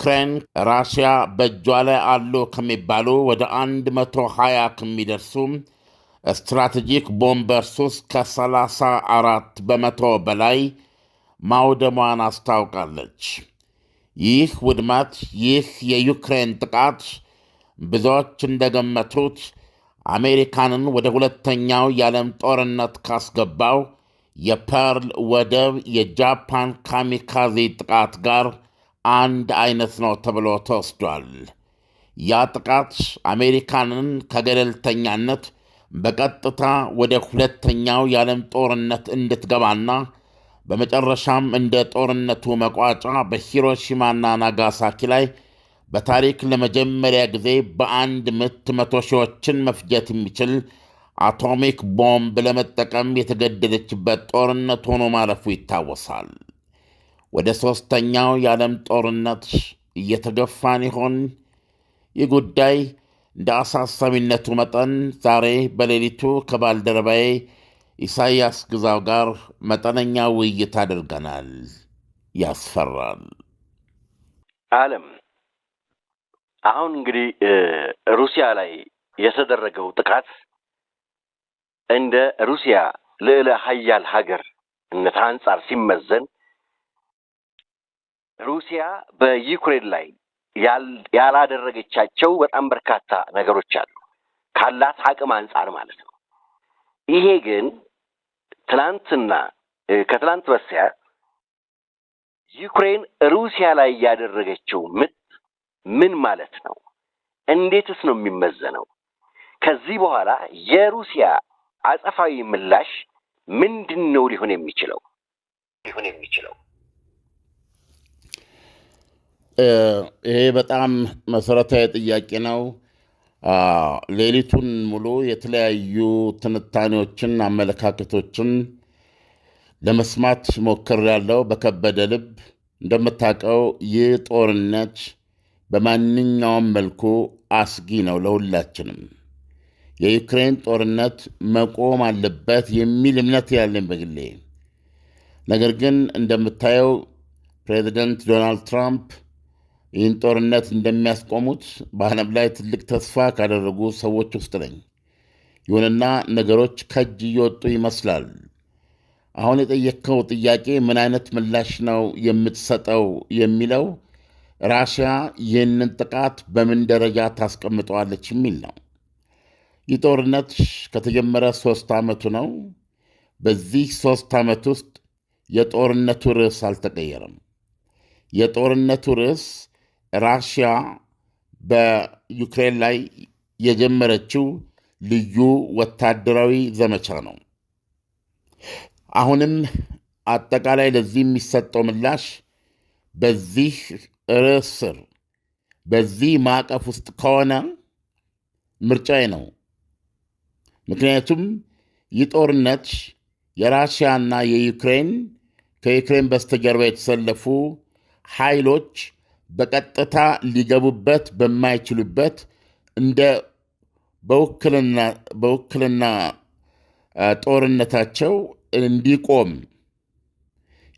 ዩክሬን ራሽያ በእጇ ላይ አሉ ከሚባሉ ወደ 120 ከሚደርሱ ስትራቴጂክ ቦምበርስ ከ34 በመቶ በላይ ማውደሟን አስታውቃለች። ይህ ውድመት ይህ የዩክሬን ጥቃት ብዙዎች እንደገመቱት አሜሪካንን ወደ ሁለተኛው የዓለም ጦርነት ካስገባው የፐርል ወደብ የጃፓን ካሚካዜ ጥቃት ጋር አንድ አይነት ነው ተብሎ ተወስዷል። ያ ጥቃት አሜሪካንን ከገለልተኛነት በቀጥታ ወደ ሁለተኛው የዓለም ጦርነት እንድትገባና በመጨረሻም እንደ ጦርነቱ መቋጫ በሂሮሺማና ናጋሳኪ ላይ በታሪክ ለመጀመሪያ ጊዜ በአንድ ምት መቶ ሺዎችን መፍጀት የሚችል አቶሚክ ቦምብ ለመጠቀም የተገደደችበት ጦርነት ሆኖ ማለፉ ይታወሳል። ወደ ሦስተኛው የዓለም ጦርነት እየተገፋን ይሆን? ይህ ጉዳይ እንደ አሳሳቢነቱ መጠን ዛሬ በሌሊቱ ከባልደረባዬ ኢሳይያስ ግዛው ጋር መጠነኛ ውይይት አድርገናል። ያስፈራል። ዓለም አሁን እንግዲህ ሩሲያ ላይ የተደረገው ጥቃት እንደ ሩሲያ ልዕለ ሀያል ሀገርነት አንጻር ሲመዘን ሩሲያ በዩክሬን ላይ ያላደረገቻቸው በጣም በርካታ ነገሮች አሉ፣ ካላት አቅም አንጻር ማለት ነው። ይሄ ግን ትናንትና ከትናንት በስቲያ ዩክሬን ሩሲያ ላይ ያደረገችው ምት ምን ማለት ነው? እንዴትስ ነው የሚመዘነው? ከዚህ በኋላ የሩሲያ አጸፋዊ ምላሽ ምንድን ነው ሊሆን የሚችለው ሊሆን የሚችለው ይሄ በጣም መሰረታዊ ጥያቄ ነው። ሌሊቱን ሙሉ የተለያዩ ትንታኔዎችን፣ አመለካከቶችን ለመስማት ሞክር ያለው በከበደ ልብ። እንደምታውቀው ይህ ጦርነት በማንኛውም መልኩ አስጊ ነው ለሁላችንም። የዩክሬን ጦርነት መቆም አለበት የሚል እምነት ያለኝ በግሌ። ነገር ግን እንደምታየው ፕሬዚደንት ዶናልድ ትራምፕ ይህን ጦርነት እንደሚያስቆሙት በዓለም ላይ ትልቅ ተስፋ ካደረጉ ሰዎች ውስጥ ነኝ። ይሁንና ነገሮች ከእጅ እየወጡ ይመስላል። አሁን የጠየቅከው ጥያቄ ምን አይነት ምላሽ ነው የምትሰጠው የሚለው ራሽያ ይህንን ጥቃት በምን ደረጃ ታስቀምጠዋለች የሚል ነው። ይህ ጦርነት ከተጀመረ ሶስት ዓመቱ ነው። በዚህ ሶስት ዓመት ውስጥ የጦርነቱ ርዕስ አልተቀየረም። የጦርነቱ ርዕስ ራሽያ በዩክሬን ላይ የጀመረችው ልዩ ወታደራዊ ዘመቻ ነው። አሁንም አጠቃላይ ለዚህ የሚሰጠው ምላሽ በዚህ ርዕስ ስር በዚህ ማዕቀፍ ውስጥ ከሆነ ምርጫዬ ነው። ምክንያቱም ይህ ጦርነት የራሽያና የዩክሬን ከዩክሬን በስተጀርባ የተሰለፉ ኃይሎች በቀጥታ ሊገቡበት በማይችሉበት እንደ በውክልና ጦርነታቸው እንዲቆም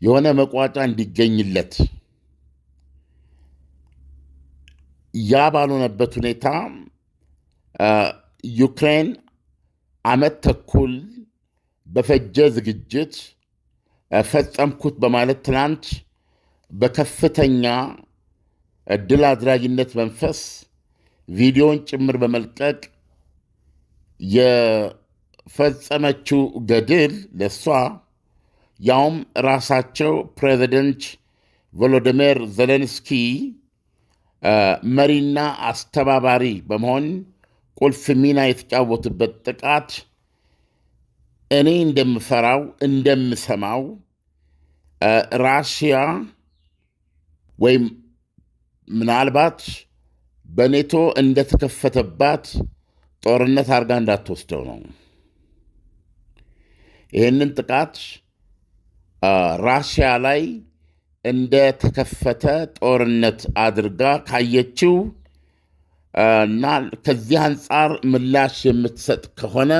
የሆነ መቋጫ እንዲገኝለት ያ ባልሆነበት ሁኔታ ዩክሬን ዓመት ተኩል በፈጀ ዝግጅት ፈጸምኩት በማለት ትናንት በከፍተኛ እድል አድራጊነት መንፈስ ቪዲዮን ጭምር በመልቀቅ የፈጸመችው ገድል ለእሷ ያውም ራሳቸው ፕሬዚደንት ቮሎዲሚር ዘሌንስኪ መሪና አስተባባሪ በመሆን ቁልፍ ሚና የተጫወቱበት ጥቃት እኔ እንደምፈራው እንደምሰማው ራሽያ ወይም ምናልባት በኔቶ እንደተከፈተባት ጦርነት አድርጋ እንዳትወስደው ነው። ይህንን ጥቃት ራሽያ ላይ እንደተከፈተ ጦርነት አድርጋ ካየችው እና ከዚህ አንጻር ምላሽ የምትሰጥ ከሆነ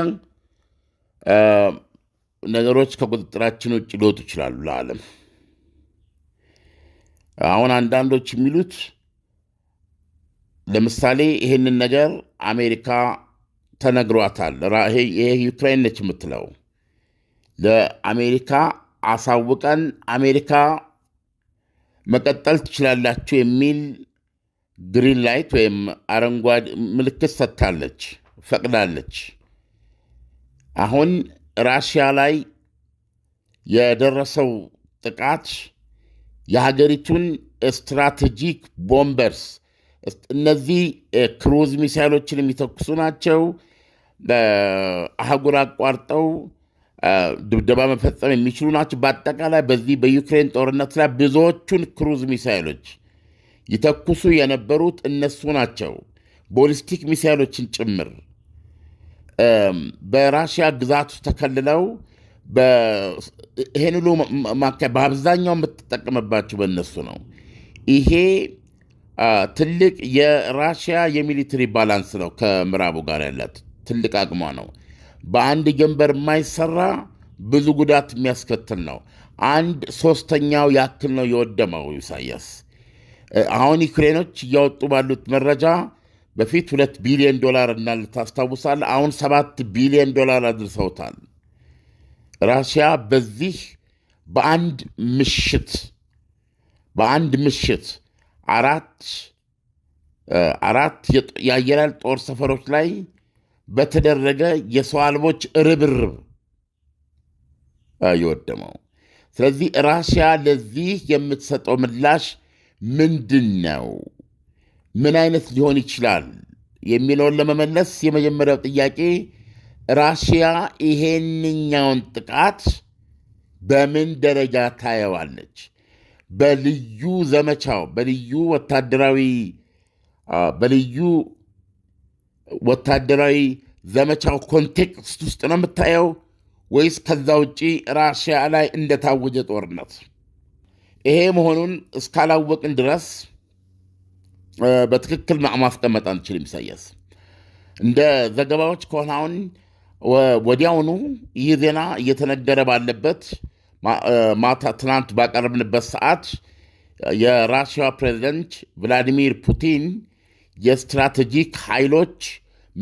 ነገሮች ከቁጥጥራችን ውጭ ሊወጡ ይችላሉ ለዓለም። አሁን አንዳንዶች የሚሉት ለምሳሌ ይህንን ነገር አሜሪካ ተነግሯታል። ይሄ ዩክሬን ነች የምትለው ለአሜሪካ አሳውቀን አሜሪካ መቀጠል ትችላላችሁ የሚል ግሪን ላይት ወይም አረንጓዴ ምልክት ሰጥታለች፣ ፈቅዳለች። አሁን ራሽያ ላይ የደረሰው ጥቃት የሀገሪቱን ስትራቴጂክ ቦምበርስ እነዚህ ክሩዝ ሚሳይሎችን የሚተኩሱ ናቸው። አህጉር አቋርጠው ድብደባ መፈጸም የሚችሉ ናቸው። በአጠቃላይ በዚህ በዩክሬን ጦርነት ላይ ብዙዎቹን ክሩዝ ሚሳይሎች ይተኩሱ የነበሩት እነሱ ናቸው። ቦሊስቲክ ሚሳይሎችን ጭምር በራሽያ ግዛት ውስጥ ተከልለው ይህን ሁሉ በአብዛኛው የምትጠቀምባቸው በእነሱ ነው ይሄ ትልቅ የራሽያ የሚሊትሪ ባላንስ ነው ከምዕራቡ ጋር ያላት ትልቅ አቅሟ ነው። በአንድ ጀንበር የማይሰራ ብዙ ጉዳት የሚያስከትል ነው። አንድ ሶስተኛው ያክል ነው የወደመው። ኢሳያስ አሁን ዩክሬኖች እያወጡ ባሉት መረጃ በፊት ሁለት ቢሊዮን ዶላር እንዳለ ታስታውሳለህ። አሁን ሰባት ቢሊዮን ዶላር አድርሰውታል። ራሽያ በዚህ በአንድ ምሽት በአንድ ምሽት አራት አራት የአየር ኃይል ጦር ሰፈሮች ላይ በተደረገ የሰው አልቦች ርብርብ የወደመው። ስለዚህ ራሽያ ለዚህ የምትሰጠው ምላሽ ምንድን ነው? ምን አይነት ሊሆን ይችላል የሚለውን ለመመለስ የመጀመሪያው ጥያቄ ራሽያ ይሄንኛውን ጥቃት በምን ደረጃ ታየዋለች? በልዩ ዘመቻው በልዩ ወታደራዊ በልዩ ወታደራዊ ዘመቻው ኮንቴክስት ውስጥ ነው የምታየው ወይስ ከዛ ውጪ ራሽያ ላይ እንደታወጀ ጦርነት? ይሄ መሆኑን እስካላወቅን ድረስ በትክክል ማስቀመጥ አንችልም። ኢሳያስ፣ እንደ ዘገባዎች ከሆነ አሁን ወዲያውኑ ይህ ዜና እየተነገረ ባለበት ማታ ትናንት ባቀረብንበት ሰዓት የራሽያ ፕሬዚደንት ቭላዲሚር ፑቲን የስትራቴጂክ ኃይሎች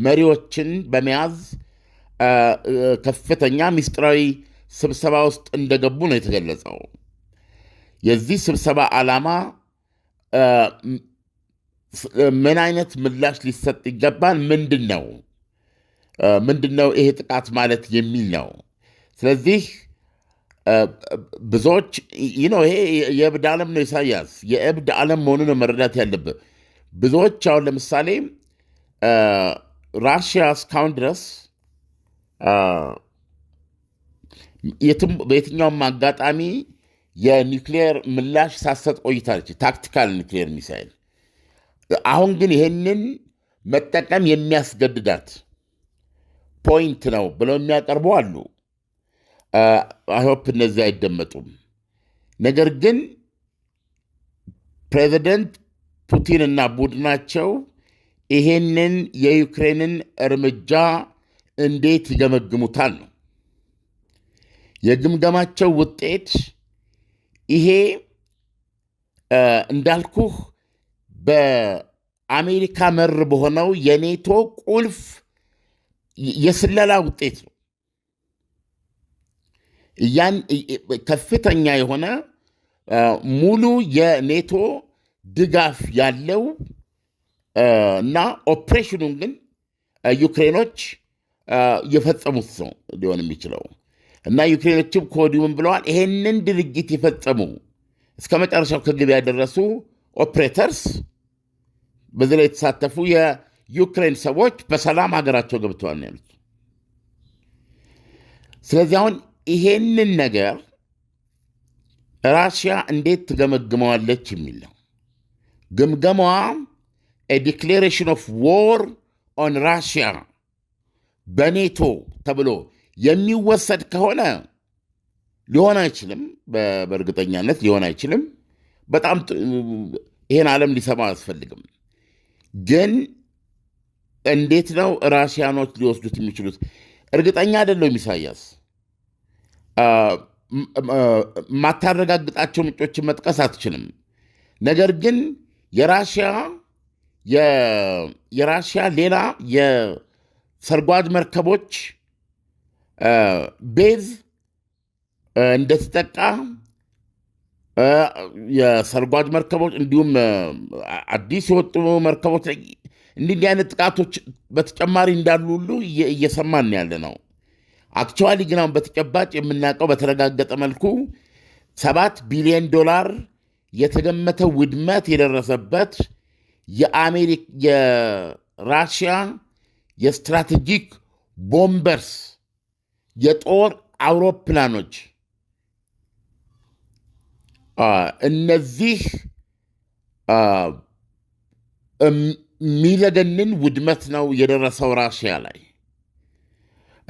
መሪዎችን በመያዝ ከፍተኛ ምስጢራዊ ስብሰባ ውስጥ እንደገቡ ነው የተገለጸው። የዚህ ስብሰባ ዓላማ ምን አይነት ምላሽ ሊሰጥ ይገባል፣ ምንድን ነው ምንድን ነው ይሄ ጥቃት ማለት የሚል ነው። ስለዚህ ብዙዎች ነው ይሄ የእብድ ዓለም ነው። ኢሳያስ የእብድ ዓለም መሆኑ ነው መረዳት ያለብህ። ብዙዎች አሁን ለምሳሌ ራሽያ እስካሁን ድረስ በየትኛውም አጋጣሚ የኒክሌር ምላሽ ሳሰጥ ቆይታለች፣ ታክቲካል ኒክሌር ሚሳይል። አሁን ግን ይህንን መጠቀም የሚያስገድዳት ፖይንት ነው ብለው የሚያቀርቡ አሉ። አይሆፕ እነዚህ አይደመጡም። ነገር ግን ፕሬዚደንት ፑቲን እና ቡድናቸው ይሄንን የዩክሬንን እርምጃ እንዴት ይገመግሙታል ነው የግምገማቸው ውጤት። ይሄ እንዳልኩህ በአሜሪካ መር በሆነው የኔቶ ቁልፍ የስለላ ውጤት ነው። ከፍተኛ የሆነ ሙሉ የኔቶ ድጋፍ ያለው እና ኦፕሬሽኑን ግን ዩክሬኖች የፈጸሙት ነው ሊሆን የሚችለው እና ዩክሬኖችም ከወዲሁም ብለዋል። ይሄንን ድርጊት የፈጸሙ እስከ መጨረሻው ከግብ ያደረሱ ኦፕሬተርስ በዚህ ላይ የተሳተፉ የዩክሬን ሰዎች በሰላም ሀገራቸው ገብተዋል ነው ያሉት። ስለዚህ አሁን ይሄንን ነገር ራሽያ እንዴት ትገመግመዋለች የሚል ነው። ግምገማዋ ዲክሌሬሽን ኦፍ ዎር ኦን ራሽያ በኔቶ ተብሎ የሚወሰድ ከሆነ ሊሆን አይችልም። በእርግጠኛነት ሊሆን አይችልም። በጣም ይሄን ዓለም ሊሰማ አያስፈልግም። ግን እንዴት ነው ራሽያኖች ሊወስዱት የሚችሉት? እርግጠኛ አይደለሁም ኢሳያስ የማታረጋግጣቸው ምንጮችን መጥቀስ አትችልም። ነገር ግን የራሽያ ሌላ የሰርጓጅ መርከቦች ቤዝ እንደተጠቃ የሰርጓጅ መርከቦች እንዲሁም አዲስ የወጡ መርከቦች እንዲህ አይነት ጥቃቶች በተጨማሪ እንዳሉ ሁሉ እየሰማን ያለ ነው። አክቸዋሊ ግን አሁን በተጨባጭ የምናውቀው በተረጋገጠ መልኩ ሰባት ቢሊዮን ዶላር የተገመተ ውድመት የደረሰበት የራሽያ የስትራቴጂክ ቦምበርስ የጦር አውሮፕላኖች እነዚህ የሚዘገንን ውድመት ነው የደረሰው ራሽያ ላይ።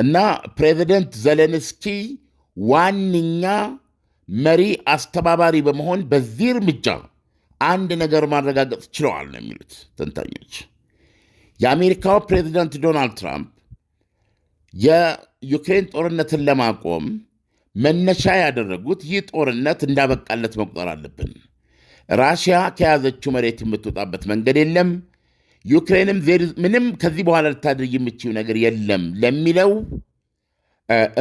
እና ፕሬዚደንት ዘለንስኪ ዋነኛ መሪ አስተባባሪ በመሆን በዚህ እርምጃ አንድ ነገር ማረጋገጥ ችለዋል ነው የሚሉት ተንታኞች። የአሜሪካው ፕሬዚደንት ዶናልድ ትራምፕ የዩክሬን ጦርነትን ለማቆም መነሻ ያደረጉት ይህ ጦርነት እንዳበቃለት መቁጠር አለብን፣ ራሽያ ከያዘችው መሬት የምትወጣበት መንገድ የለም ዩክሬንም ምንም ከዚህ በኋላ ልታደርግ የምችው ነገር የለም ለሚለው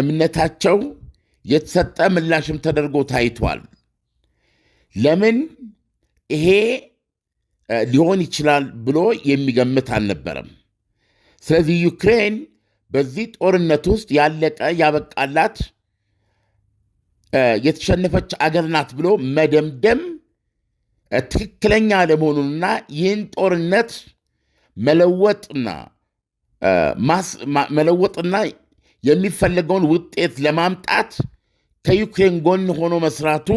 እምነታቸው የተሰጠ ምላሽም ተደርጎ ታይቷል። ለምን ይሄ ሊሆን ይችላል ብሎ የሚገምት አልነበረም። ስለዚህ ዩክሬን በዚህ ጦርነት ውስጥ ያለቀ ያበቃላት የተሸነፈች አገር ናት ብሎ መደምደም ትክክለኛ አለመሆኑንና ይህን ጦርነት መለወጥና የሚፈለገውን ውጤት ለማምጣት ከዩክሬን ጎን ሆኖ መስራቱ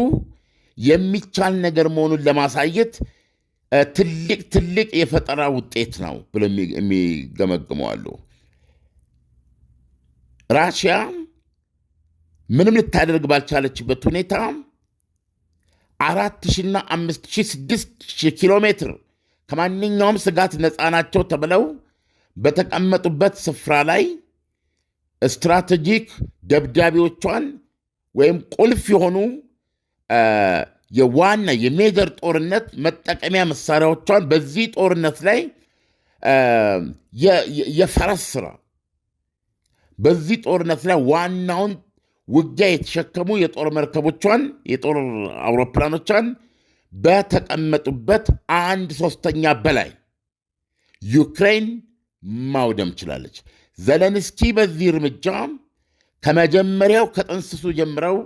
የሚቻል ነገር መሆኑን ለማሳየት ትልቅ ትልቅ የፈጠራ ውጤት ነው ብሎ የሚገመግመዋሉ። ራሽያ ምንም ልታደርግ ባልቻለችበት ሁኔታ አራት ሺና አምስት ሺ ስድስት ሺ ኪሎ ሜትር ከማንኛውም ስጋት ነፃ ናቸው ተብለው በተቀመጡበት ስፍራ ላይ ስትራቴጂክ ደብዳቤዎቿን ወይም ቁልፍ የሆኑ የዋና የሜጀር ጦርነት መጠቀሚያ መሳሪያዎቿን በዚህ ጦርነት ላይ የፈረስ ስራ በዚህ ጦርነት ላይ ዋናውን ውጊያ የተሸከሙ የጦር መርከቦቿን የጦር አውሮፕላኖቿን በተቀመጡበት አንድ ሶስተኛ በላይ ዩክሬን ማውደም ችላለች። ዘለንስኪ በዚህ እርምጃ ከመጀመሪያው ከጥንስሱ ጀምረው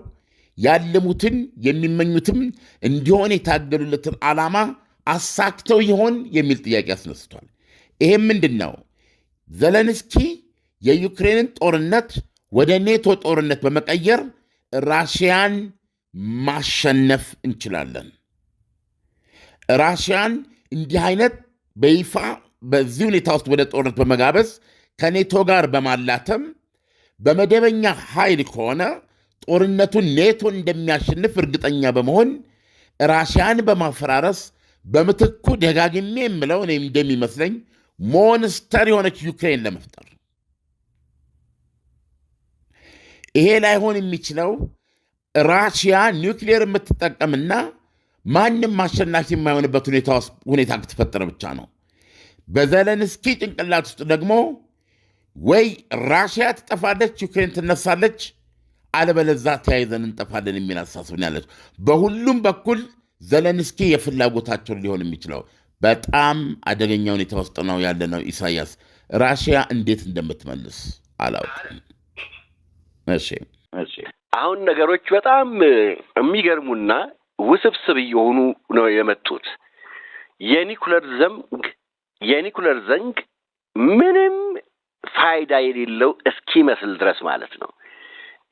ያለሙትን የሚመኙትም እንዲሆን የታገሉለትን ዓላማ አሳክተው ይሆን የሚል ጥያቄ አስነስቷል። ይሄም ምንድን ነው? ዘለንስኪ የዩክሬንን ጦርነት ወደ ኔቶ ጦርነት በመቀየር ራሽያን ማሸነፍ እንችላለን ራሽያን እንዲህ አይነት በይፋ በዚህ ሁኔታ ውስጥ ወደ ጦርነት በመጋበዝ ከኔቶ ጋር በማላተም በመደበኛ ኃይል ከሆነ ጦርነቱን ኔቶ እንደሚያሸንፍ እርግጠኛ በመሆን ራሽያን በማፈራረስ በምትኩ ደጋግሜ የምለው እኔ እንደሚመስለኝ ሞንስተር የሆነች ዩክሬን ለመፍጠር ይሄ ላይሆን የሚችለው ራሽያ ኒውክሊየር የምትጠቀምና ማንም አሸናፊ የማይሆንበት ሁኔታ ከተፈጠረ ብቻ ነው። በዘለንስኪ ጭንቅላት ውስጥ ደግሞ ወይ ራሽያ ትጠፋለች፣ ዩክሬን ትነሳለች፣ አለበለዛ ተያይዘን እንጠፋለን የሚል አሳስብን ያለች በሁሉም በኩል ዘለንስኪ የፍላጎታቸውን ሊሆን የሚችለው በጣም አደገኛ ሁኔታ ውስጥ ነው ያለ ነው። ኢሳያስ ራሽያ እንዴት እንደምትመልስ አላውቅም። እሺ፣ አሁን ነገሮች በጣም የሚገርሙና ውስብስብ እየሆኑ ነው የመጡት። የኒኩለር ዘንግ የኒኩለር ዘንግ ምንም ፋይዳ የሌለው እስኪመስል ድረስ ማለት ነው።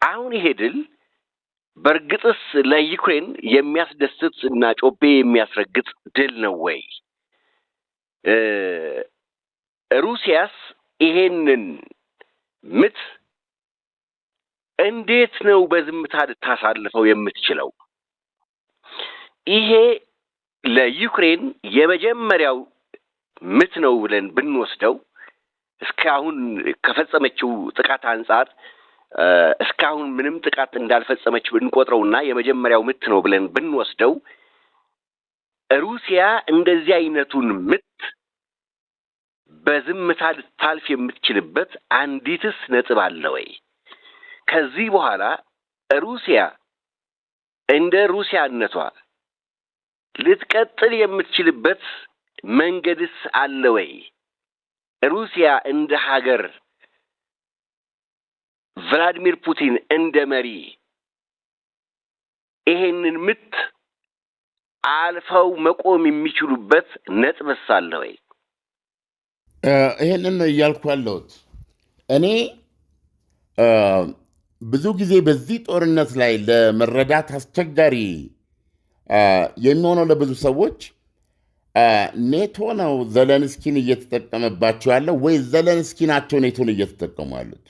አሁን ይሄ ድል በእርግጥስ ለዩክሬን የሚያስደስት እና ጮቤ የሚያስረግጥ ድል ነው ወይ? ሩሲያስ ይሄንን ምት እንዴት ነው በዝምታ ልታሳልፈው የምትችለው? ይሄ ለዩክሬን የመጀመሪያው ምት ነው ብለን ብንወስደው እስካሁን ከፈጸመችው ጥቃት አንጻር እስካሁን ምንም ጥቃት እንዳልፈጸመችው እንቆጥረውና የመጀመሪያው ምት ነው ብለን ብንወስደው ሩሲያ እንደዚህ አይነቱን ምት በዝምታ ልታልፍ የምትችልበት አንዲትስ ነጥብ አለ ወይ? ከዚህ በኋላ ሩሲያ እንደ ሩሲያነቷ ልትቀጥል የምትችልበት መንገድስ አለ ወይ? ሩሲያ እንደ ሀገር፣ ቭላዲሚር ፑቲን እንደ መሪ ይሄንን ምት አልፈው መቆም የሚችሉበት ነጥብስ አለ ወይ? ይሄንን ነው እያልኩ ያለሁት እኔ ብዙ ጊዜ በዚህ ጦርነት ላይ ለመረዳት አስቸጋሪ የሚሆነው ለብዙ ሰዎች ኔቶ ነው ዘለንስኪን እየተጠቀመባቸው ያለው ወይ ዘለንስኪ ናቸው ኔቶን እየተጠቀሙ ያሉት?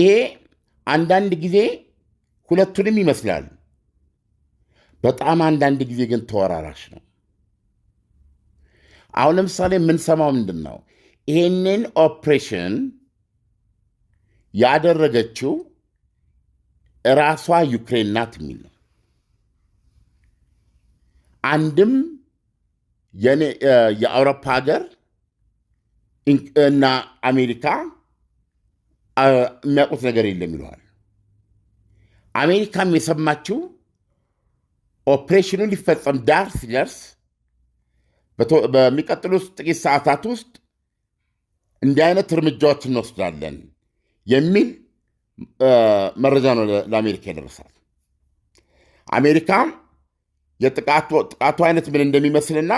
ይሄ አንዳንድ ጊዜ ሁለቱንም ይመስላል። በጣም አንዳንድ ጊዜ ግን ተወራራሽ ነው። አሁን ለምሳሌ የምንሰማው ምንድን ነው? ይሄንን ኦፕሬሽን ያደረገችው ራሷ ዩክሬን ናት የሚል ነው። አንድም የአውሮፓ ሀገር እና አሜሪካ የሚያውቁት ነገር የለም ይለዋል። አሜሪካም የሰማችው ኦፕሬሽኑ ሊፈጸም ዳር ሲደርስ በሚቀጥሉት ጥቂት ሰዓታት ውስጥ እንዲህ አይነት እርምጃዎች እንወስዳለን የሚል መረጃ ነው ለአሜሪካ የደረሳት። አሜሪካ የጥቃቱ አይነት ምን እንደሚመስልና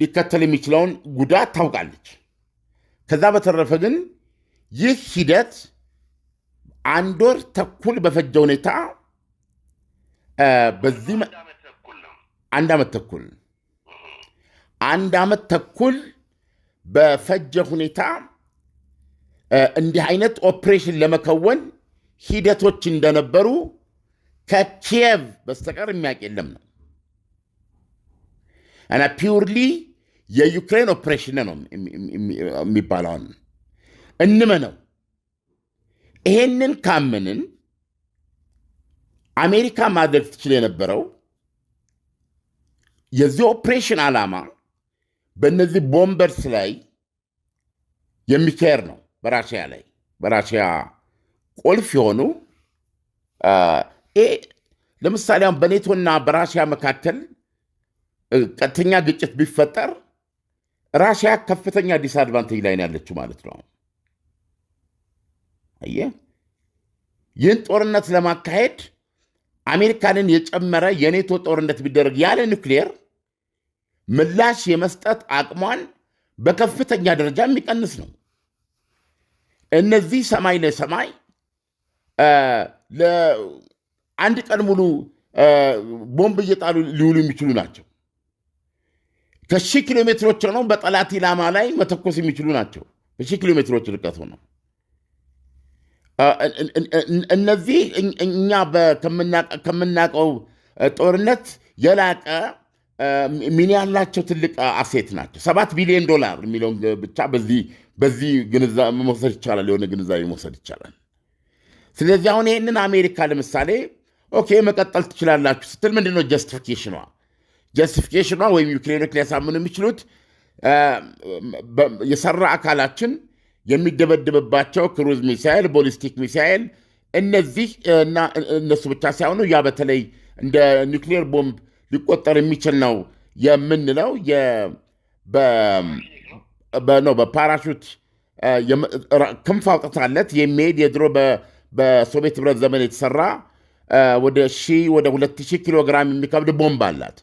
ሊከተል የሚችለውን ጉዳት ታውቃለች። ከዛ በተረፈ ግን ይህ ሂደት አንድ ወር ተኩል በፈጀ ሁኔታ በዚህ አንድ ዓመት ተኩል አንድ ዓመት ተኩል በፈጀ ሁኔታ እንዲህ አይነት ኦፕሬሽን ለመከወን ሂደቶች እንደነበሩ ከኪየቭ በስተቀር የሚያውቅ የለም ነው እና ፒውርሊ የዩክሬን ኦፕሬሽን ነው የሚባለውን እንመነው። ይሄንን ካመንን አሜሪካ ማድረግ ትችል የነበረው የዚህ ኦፕሬሽን ዓላማ በእነዚህ ቦምበርስ ላይ የሚካሄድ ነው። በራሽያ ላይ በራሽያ ቁልፍ የሆኑ ለምሳሌ አሁን በኔቶና በራሽያ መካከል ቀጥተኛ ግጭት ቢፈጠር ራሽያ ከፍተኛ አድቫንቴጅ ላይ ነው ያለችው ማለት ነው። አየህ፣ ይህን ጦርነት ለማካሄድ አሜሪካንን የጨመረ የኔቶ ጦርነት ቢደረግ ያለ ኒውክሌር ምላሽ የመስጠት አቅሟን በከፍተኛ ደረጃ የሚቀንስ ነው። እነዚህ ሰማይ ለሰማይ አንድ ቀን ሙሉ ቦምብ እየጣሉ ሊውሉ የሚችሉ ናቸው። ከሺህ ኪሎ ሜትሮች ሆነው በጠላት ኢላማ ላይ መተኮስ የሚችሉ ናቸው። ከሺህ ኪሎ ሜትሮች ርቀት ሆነው እነዚህ እኛ ከምናውቀው ጦርነት የላቀ ሚን ያላቸው ትልቅ አሴት ናቸው። ሰባት ቢሊዮን ዶላር የሚለውን ብቻ በዚህ በዚህ ግንዛቤ መውሰድ ይቻላል፣ የሆነ ግንዛቤ መውሰድ ይቻላል። ስለዚህ አሁን ይህንን አሜሪካ ለምሳሌ ኦኬ መቀጠል ትችላላችሁ ስትል ምንድን ነው ጀስቲፊኬሽኗ? ጀስቲፊኬሽኗ ወይም ዩክሬኖች ሊያሳምኑ የሚችሉት የሰራ አካላችን የሚደበድብባቸው ክሩዝ ሚሳኤል፣ ቦሊስቲክ ሚሳኤል እነዚህ እና እነሱ ብቻ ሳይሆኑ ያ በተለይ እንደ ኒውክሌር ቦምብ ሊቆጠር የሚችል ነው የምንለው ነው በፓራሹት ክንፍ አውጥታለት የሚሄድ የድሮ በሶቪየት ህብረት ዘመን የተሰራ ወደ ሺ ወደ ሁለት ሺህ ኪሎ ግራም የሚከብድ ቦምብ አላት።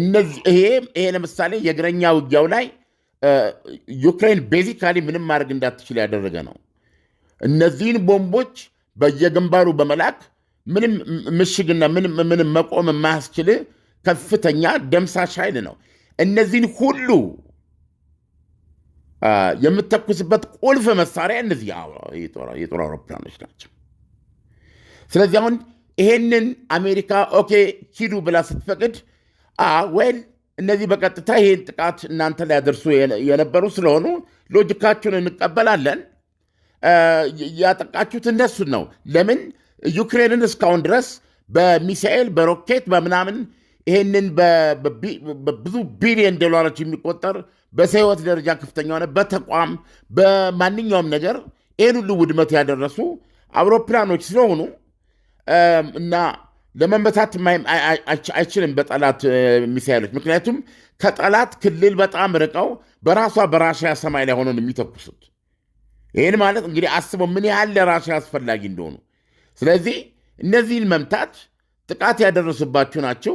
እነዚህ ይሄ ይሄ ለምሳሌ የእግረኛ ውጊያው ላይ ዩክሬን ቤዚካሊ ምንም ማድረግ እንዳትችል ያደረገ ነው። እነዚህን ቦምቦች በየግንባሩ በመላክ ምንም ምሽግና ምንም መቆም የማያስችል ከፍተኛ ደምሳሽ ኃይል ነው። እነዚህን ሁሉ የምትተኩስበት ቁልፍ መሳሪያ እነዚህ የጦር አውሮፕላኖች ናቸው። ስለዚህ አሁን ይሄንን አሜሪካ ኦኬ ሂዱ ብላ ስትፈቅድ ወይል እነዚህ በቀጥታ ይህን ጥቃት እናንተ ላይ የነበሩ ስለሆኑ ሎጂካችሁን እንቀበላለን። ያጠቃችሁት እነሱን ነው። ለምን ዩክሬንን እስካሁን ድረስ በሚሳኤል በሮኬት በምናምን ይሄንን በብዙ ቢሊየን ዶላሮች የሚቆጠር በሰህይወት ደረጃ ከፍተኛ ሆነ፣ በተቋም በማንኛውም ነገር ይህን ሁሉ ውድመት ያደረሱ አውሮፕላኖች ስለሆኑ እና ለመመታት አይችልም በጠላት ሚሳይሎች። ምክንያቱም ከጠላት ክልል በጣም ርቀው በራሷ በራሽያ ሰማይ ላይ ሆነው የሚተኩሱት። ይህን ማለት እንግዲህ አስበው ምን ያህል ለራሽያ አስፈላጊ እንደሆኑ። ስለዚህ እነዚህን መምታት ጥቃት ያደረሱባችሁ ናቸው።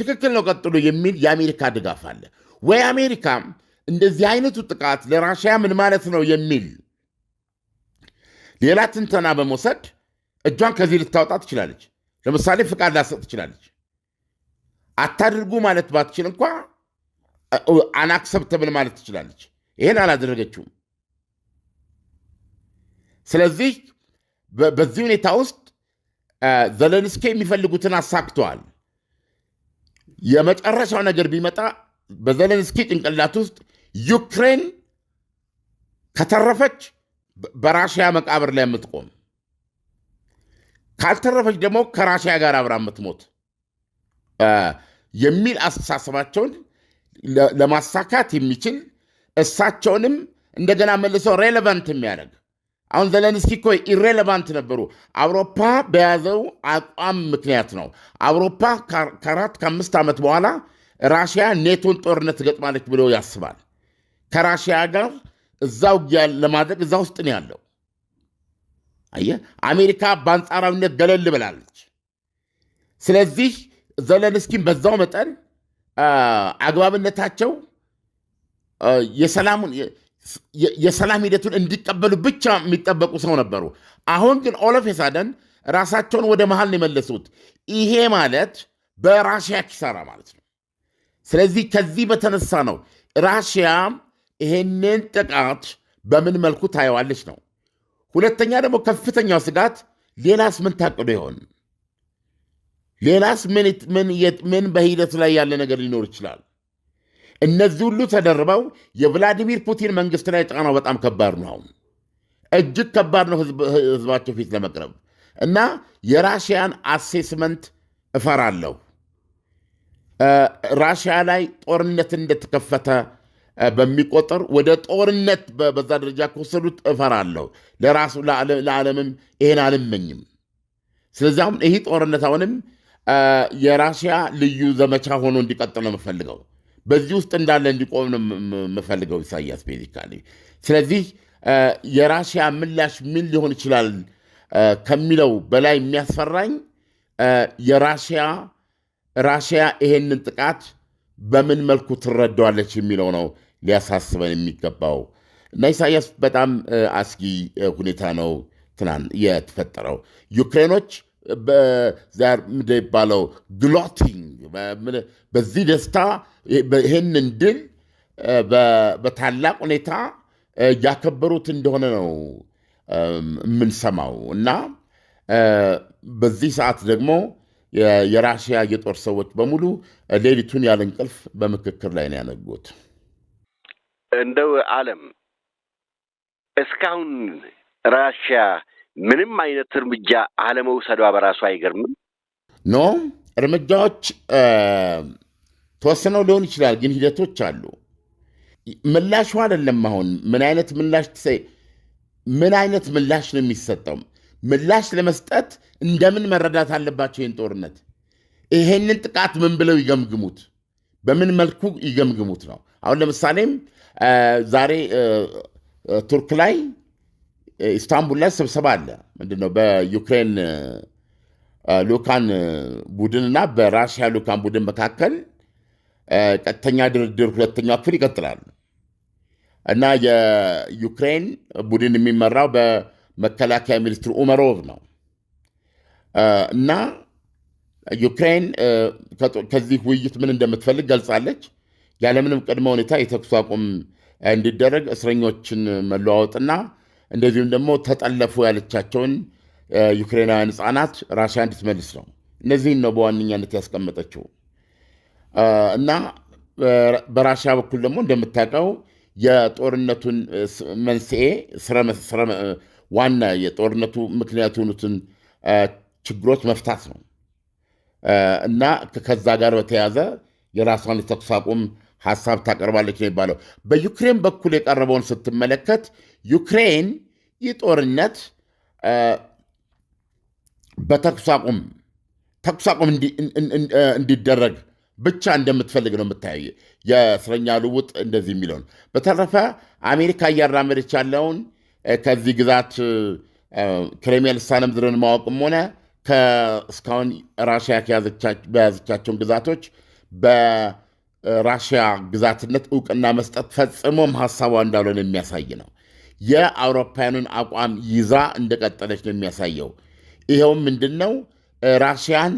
ትክክል ነው፣ ቀጥሎ የሚል የአሜሪካ ድጋፍ አለ። ወይ አሜሪካ እንደዚህ አይነቱ ጥቃት ለራሽያ ምን ማለት ነው የሚል ሌላ ትንተና በመውሰድ እጇን ከዚህ ልታወጣ ትችላለች። ለምሳሌ ፍቃድ ላሰጥ ትችላለች። አታድርጉ ማለት ባትችል እንኳ አናክሰብተብል ማለት ትችላለች። ይህን አላደረገችውም። ስለዚህ በዚህ ሁኔታ ውስጥ ዘለንስኬ የሚፈልጉትን አሳክተዋል። የመጨረሻው ነገር ቢመጣ በዘለንስኪ ጭንቅላት ውስጥ ዩክሬን ከተረፈች በራሽያ መቃብር ላይ የምትቆም ካልተረፈች ደግሞ ከራሽያ ጋር አብራ የምትሞት የሚል አስተሳሰባቸውን ለማሳካት የሚችል እሳቸውንም እንደገና መልሰው ሬሌቫንት የሚያደርግ አሁን ዘለንስኪ እኮ ኢሬሌቫንት ነበሩ። አውሮፓ በያዘው አቋም ምክንያት ነው። አውሮፓ ከአራት ከአምስት ዓመት በኋላ ራሽያ ኔቶን ጦርነት ገጥማለች ብሎ ያስባል። ከራሽያ ጋር እዛ ውጊያ ለማድረግ እዛ ውስጥ ነው ያለው። አየህ፣ አሜሪካ በአንጻራዊነት ገለል ብላለች። ስለዚህ ዘለንስኪን በዛው መጠን አግባብነታቸው የሰላም ሂደቱን እንዲቀበሉ ብቻ የሚጠበቁ ሰው ነበሩ። አሁን ግን ኦሎፍ የሳደን ራሳቸውን ወደ መሀል ነው የመለሱት። ይሄ ማለት በራሽያ ኪሳራ ማለት ነው። ስለዚህ ከዚህ በተነሳ ነው ራሽያ ይሄንን ጥቃት በምን መልኩ ታየዋለች ነው። ሁለተኛ ደግሞ ከፍተኛው ስጋት ሌላስ ምን ታቅዶ ይሆን? ሌላስ ምን በሂደት ላይ ያለ ነገር ሊኖር ይችላል? እነዚህ ሁሉ ተደርበው የቭላዲሚር ፑቲን መንግስት ላይ ጫናው በጣም ከባድ ነው። አሁን እጅግ ከባድ ነው ህዝባቸው ፊት ለመቅረብ እና የራሽያን አሴስመንት እፈራለሁ። ራሽያ ላይ ጦርነት እንደተከፈተ በሚቆጠር ወደ ጦርነት በዛ ደረጃ ከወሰዱት እፈራለሁ። ለራሱ ለዓለምም ይሄን አልመኝም። ስለዚህ አሁን ይህ ጦርነት አሁንም የራሽያ ልዩ ዘመቻ ሆኖ እንዲቀጥል ነው የምፈልገው። በዚህ ውስጥ እንዳለ እንዲቆም ነው የምፈልገው ኢሳያስ ቤዚካሊ። ስለዚህ የራሽያ ምላሽ ምን ሊሆን ይችላል ከሚለው በላይ የሚያስፈራኝ የራሽያ ራሽያ ይሄንን ጥቃት በምን መልኩ ትረዳዋለች የሚለው ነው ሊያሳስበን የሚገባው እና ኢሳያስ በጣም አስጊ ሁኔታ ነው ትናን የተፈጠረው ዩክሬኖች ምንድን ይባለው ግሎቲንግ በዚህ ደስታ ይህንን ድል በታላቅ ሁኔታ እያከበሩት እንደሆነ ነው የምንሰማው እና በዚህ ሰዓት ደግሞ የራሽያ የጦር ሰዎች በሙሉ ሌሊቱን ያለ እንቅልፍ በምክክር ላይ ነው ያነጉት። እንደው አለም እስካሁን ራሽያ ምንም አይነት እርምጃ አለመውሰዷ በራሱ አይገርምም። ኖ እርምጃዎች ተወስነው ሊሆን ይችላል፣ ግን ሂደቶች አሉ። ምላሹ አይደለም አሁን ምን አይነት ምላሽ ምን አይነት ምላሽ ነው የሚሰጠው ምላሽ ለመስጠት እንደምን መረዳት አለባቸው? ይህን ጦርነት ይሄንን ጥቃት ምን ብለው ይገምግሙት፣ በምን መልኩ ይገምግሙት ነው። አሁን ለምሳሌም ዛሬ ቱርክ ላይ ኢስታንቡል ላይ ስብሰባ አለ። ምንድነው በዩክሬን ልኡካን እና በራሽያ ልኡካን ቡድን መካከል ቀጥተኛ ድርድር ሁለተኛው ክፍል ይቀጥላል እና የዩክሬን ቡድን የሚመራው መከላከያ ሚኒስትር ኡመሮቭ ነው እና ዩክሬን ከዚህ ውይይት ምን እንደምትፈልግ ገልጻለች። ያለምንም ቅድመ ሁኔታ የተኩስ አቁም እንዲደረግ እስረኞችን መለዋወጥና እንደዚሁም ደግሞ ተጠለፉ ያለቻቸውን ዩክሬናውያን ሕፃናት ራሽያ እንድትመልስ ነው። እነዚህን ነው በዋነኛነት ያስቀመጠችው እና በራሽያ በኩል ደግሞ እንደምታውቀው የጦርነቱን መንስኤ ዋና የጦርነቱ ምክንያት የሆኑትን ችግሮች መፍታት ነው እና ከዛ ጋር በተያዘ የራሷን የተኩስ አቁም ሀሳብ ታቀርባለች ነው የሚባለው። በዩክሬን በኩል የቀረበውን ስትመለከት ዩክሬን ይህ ጦርነት በተኩስ አቁም ተኩስ አቁም እንዲደረግ ብቻ እንደምትፈልግ ነው የምታየ የእስረኛ ልውጥ እንደዚህ የሚለውን በተረፈ አሜሪካ እያራመደች ያለውን ከዚህ ግዛት ክሬሚያ ልሳነ ምድርን ማወቅም ሆነ እስካሁን ራሽያ በያዘቻቸውን ግዛቶች በራሽያ ግዛትነት እውቅና መስጠት ፈጽሞም ሀሳቧ እንዳልሆነ የሚያሳይ ነው። የአውሮፓውያኑን አቋም ይዛ እንደቀጠለች ነው የሚያሳየው። ይኸውም ምንድን ነው? ራሽያን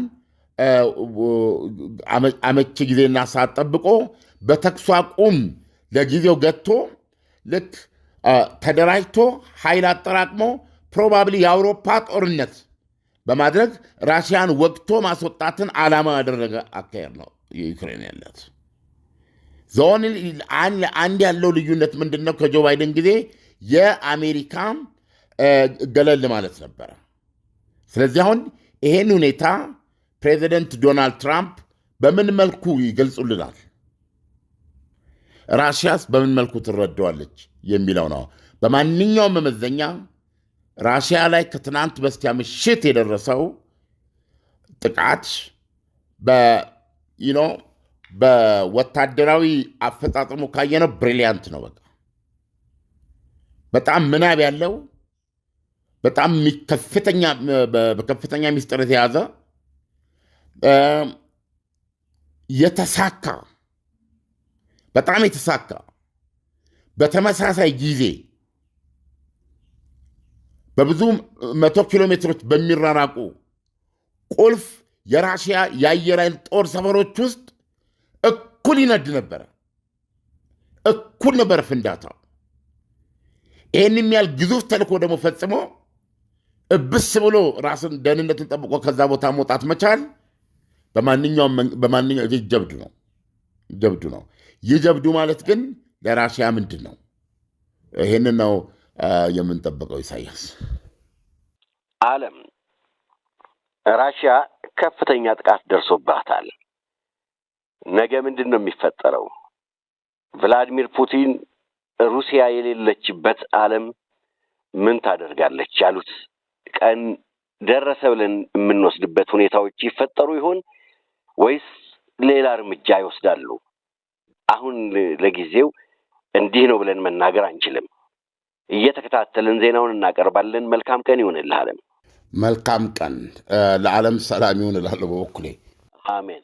አመቺ ጊዜና ሰዓት ጠብቆ በተኩስ አቁም ለጊዜው ገጥቶ ልክ ተደራጅቶ ኃይል አጠራቅሞ ፕሮባብሊ የአውሮፓ ጦርነት በማድረግ ራሽያን ወግቶ ማስወጣትን ዓላማ ያደረገ አካሄድ ነው የዩክሬን ያለት ዞን አንድ ያለው ልዩነት ምንድን ነው? ከጆ ባይደን ጊዜ የአሜሪካ ገለል ማለት ነበረ። ስለዚህ አሁን ይሄን ሁኔታ ፕሬዚደንት ዶናልድ ትራምፕ በምን መልኩ ይገልጹልናል? ራሽያስ በምን መልኩ ትረደዋለች የሚለው ነው። በማንኛውም መመዘኛ ራሽያ ላይ ከትናንት በስቲያ ምሽት የደረሰው ጥቃት በኖ በወታደራዊ አፈጣጠሙ ካየነው ብሪሊያንት ነው። በቃ በጣም ምናብ ያለው በጣም በከፍተኛ ሚስጥር የተያዘ የተሳካ በጣም የተሳካ በተመሳሳይ ጊዜ በብዙ መቶ ኪሎ ሜትሮች በሚራራቁ ቁልፍ የራሽያ የአየር ኃይል ጦር ሰፈሮች ውስጥ እኩል ይነድ ነበረ፣ እኩል ነበረ ፍንዳታው። ይህን ያህል ግዙፍ ተልእኮ ደግሞ ፈጽሞ እብስ ብሎ ራስን ደህንነትን ጠብቆ ከዛ ቦታ መውጣት መቻል በማንኛውም ጀብድ ነው ጀብድ ነው። ይጀብዱ ማለት ግን ለራሽያ ምንድን ነው? ይህን ነው የምንጠብቀው። ኢሳያስ አለም ራሽያ ከፍተኛ ጥቃት ደርሶባታል። ነገ ምንድን ነው የሚፈጠረው? ቭላዲሚር ፑቲን ሩሲያ የሌለችበት ዓለም ምን ታደርጋለች ያሉት ቀን ደረሰ ብለን የምንወስድበት ሁኔታዎች ይፈጠሩ ይሆን ወይስ ሌላ እርምጃ ይወስዳሉ? አሁን ለጊዜው እንዲህ ነው ብለን መናገር አንችልም። እየተከታተልን ዜናውን እናቀርባለን። መልካም ቀን ይሁንልህ አለም። መልካም ቀን ለዓለም ሰላም ይሁን እላለሁ በበኩሌ አሜን።